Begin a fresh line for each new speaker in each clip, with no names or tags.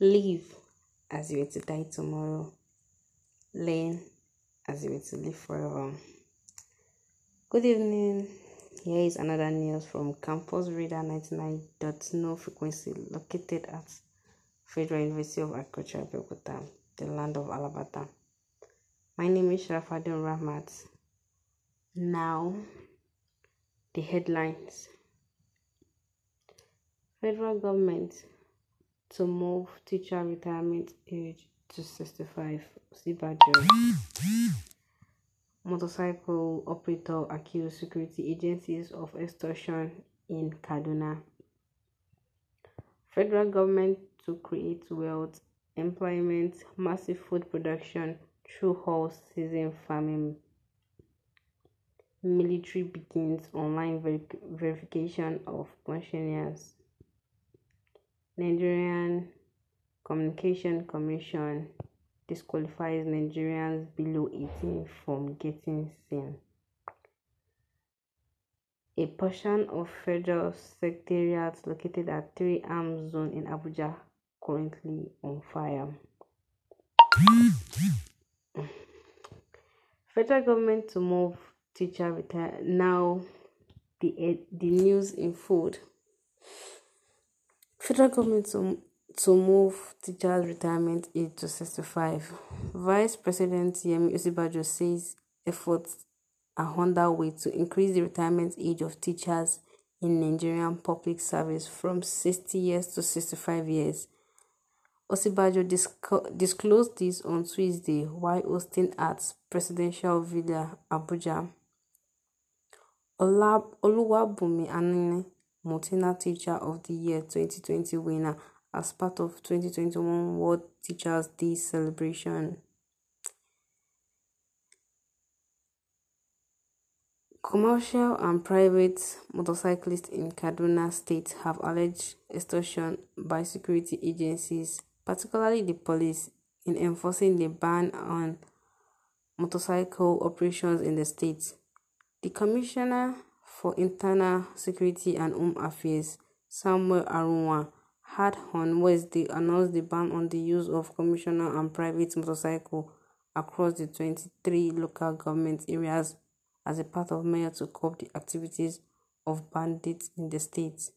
Live as you were to die tomorrow. Learn as you were to live forever. Good evening. Here is another news from Campus Dot 99.no frequency located at Federal University of Agriculture, Bogota, the land of Alabata. My name is Rafadun Rahmat. Now, the headlines. Federal government to move teacher retirement age to 65. Sibajo. Motorcycle operator accused security agencies of extortion in Kaduna. Federal government to create wealth, employment, massive food production through whole season farming. Military begins online ver verification of pensioners. Nigerian Communication Commission disqualifies Nigerians below 18 from getting SIM. A portion of federal secretariat located at 3 Arms Zone in Abuja currently on fire. federal government to move teacher retire now the the news in food Federal government to, to move teachers' retirement age to 65. Vice President Yemi Osibajo says efforts are underway to increase the retirement age of teachers in Nigerian public service from 60 years to 65 years. Osibajo disco- disclosed this on Tuesday while hosting at Presidential Villa, Abuja. Olab- Oluwabumi Multina Teacher of the Year 2020 winner as part of 2021 World Teachers Day celebration. Commercial and private motorcyclists in Kaduna State have alleged extortion by security agencies, particularly the police, in enforcing the ban on motorcycle operations in the state. The commissioner for Internal Security and Home Affairs, Samuel Arora, had on Wednesday announced the ban on the use of commercial and private motorcycle across the 23 local government areas as a part of measures to curb the activities of bandits in the state.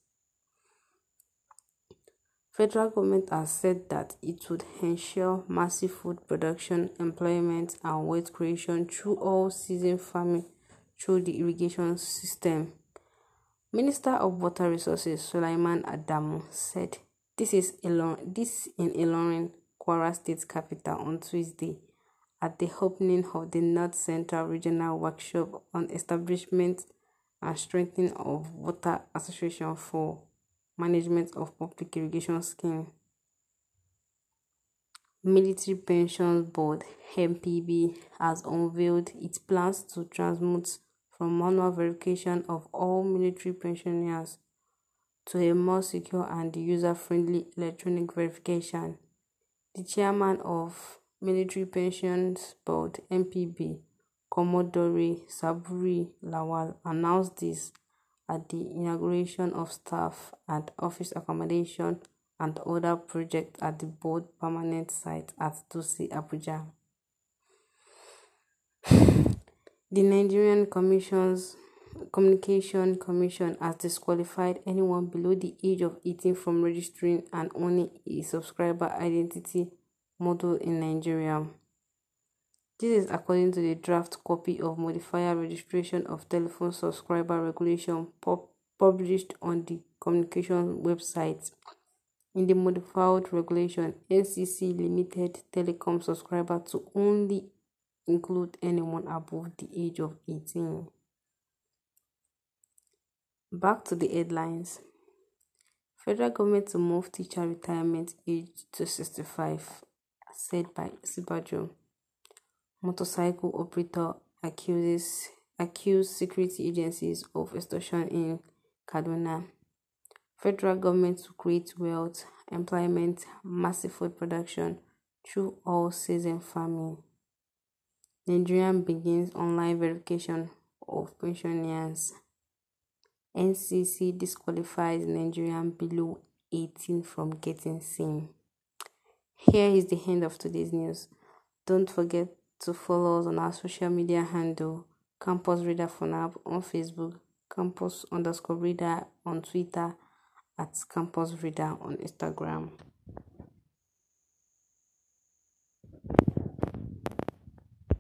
Federal government has said that it would ensure massive food production, employment, and wealth creation through all season farming through the irrigation system. Minister of Water Resources Sulaiman Adamu said this is Elon, this in Ilorin, Kwara State capital on Tuesday at the opening of the North Central Regional Workshop on Establishment and Strengthening of Water Association for Management of Public Irrigation Scheme. Military Pensions Board MPB has unveiled its plans to transmute from manual verification of all military pensioners to a more secure and user-friendly electronic verification. The chairman of Military Pensions Board MPB, Commodore Saburi Lawal, announced this at the inauguration of staff and office accommodation and other projects at the board permanent site at Tosi Abuja. The Nigerian Commissions Communication Commission has disqualified anyone below the age of 18 from registering and owning a subscriber identity model in Nigeria. This is according to the draft copy of Modifier Registration of Telephone Subscriber Regulation published on the communication website. In the modified regulation, NCC limited telecom subscriber to only include anyone above the age of 18. Back to the headlines. Federal government to move teacher retirement age to 65, said by Sibajo. Motorcycle operator accuses accused security agencies of extortion in Kaduna. Federal government to create wealth, employment, massive food production through all season farming. Nigeria begins online verification of pensioners. NCC disqualifies Nigerian below 18 from getting SIM. Here is the end of today's news. Don't forget to follow us on our social media handle Campus Reader Funab on Facebook, Campus underscore Reader on Twitter, at Campus Reader on Instagram.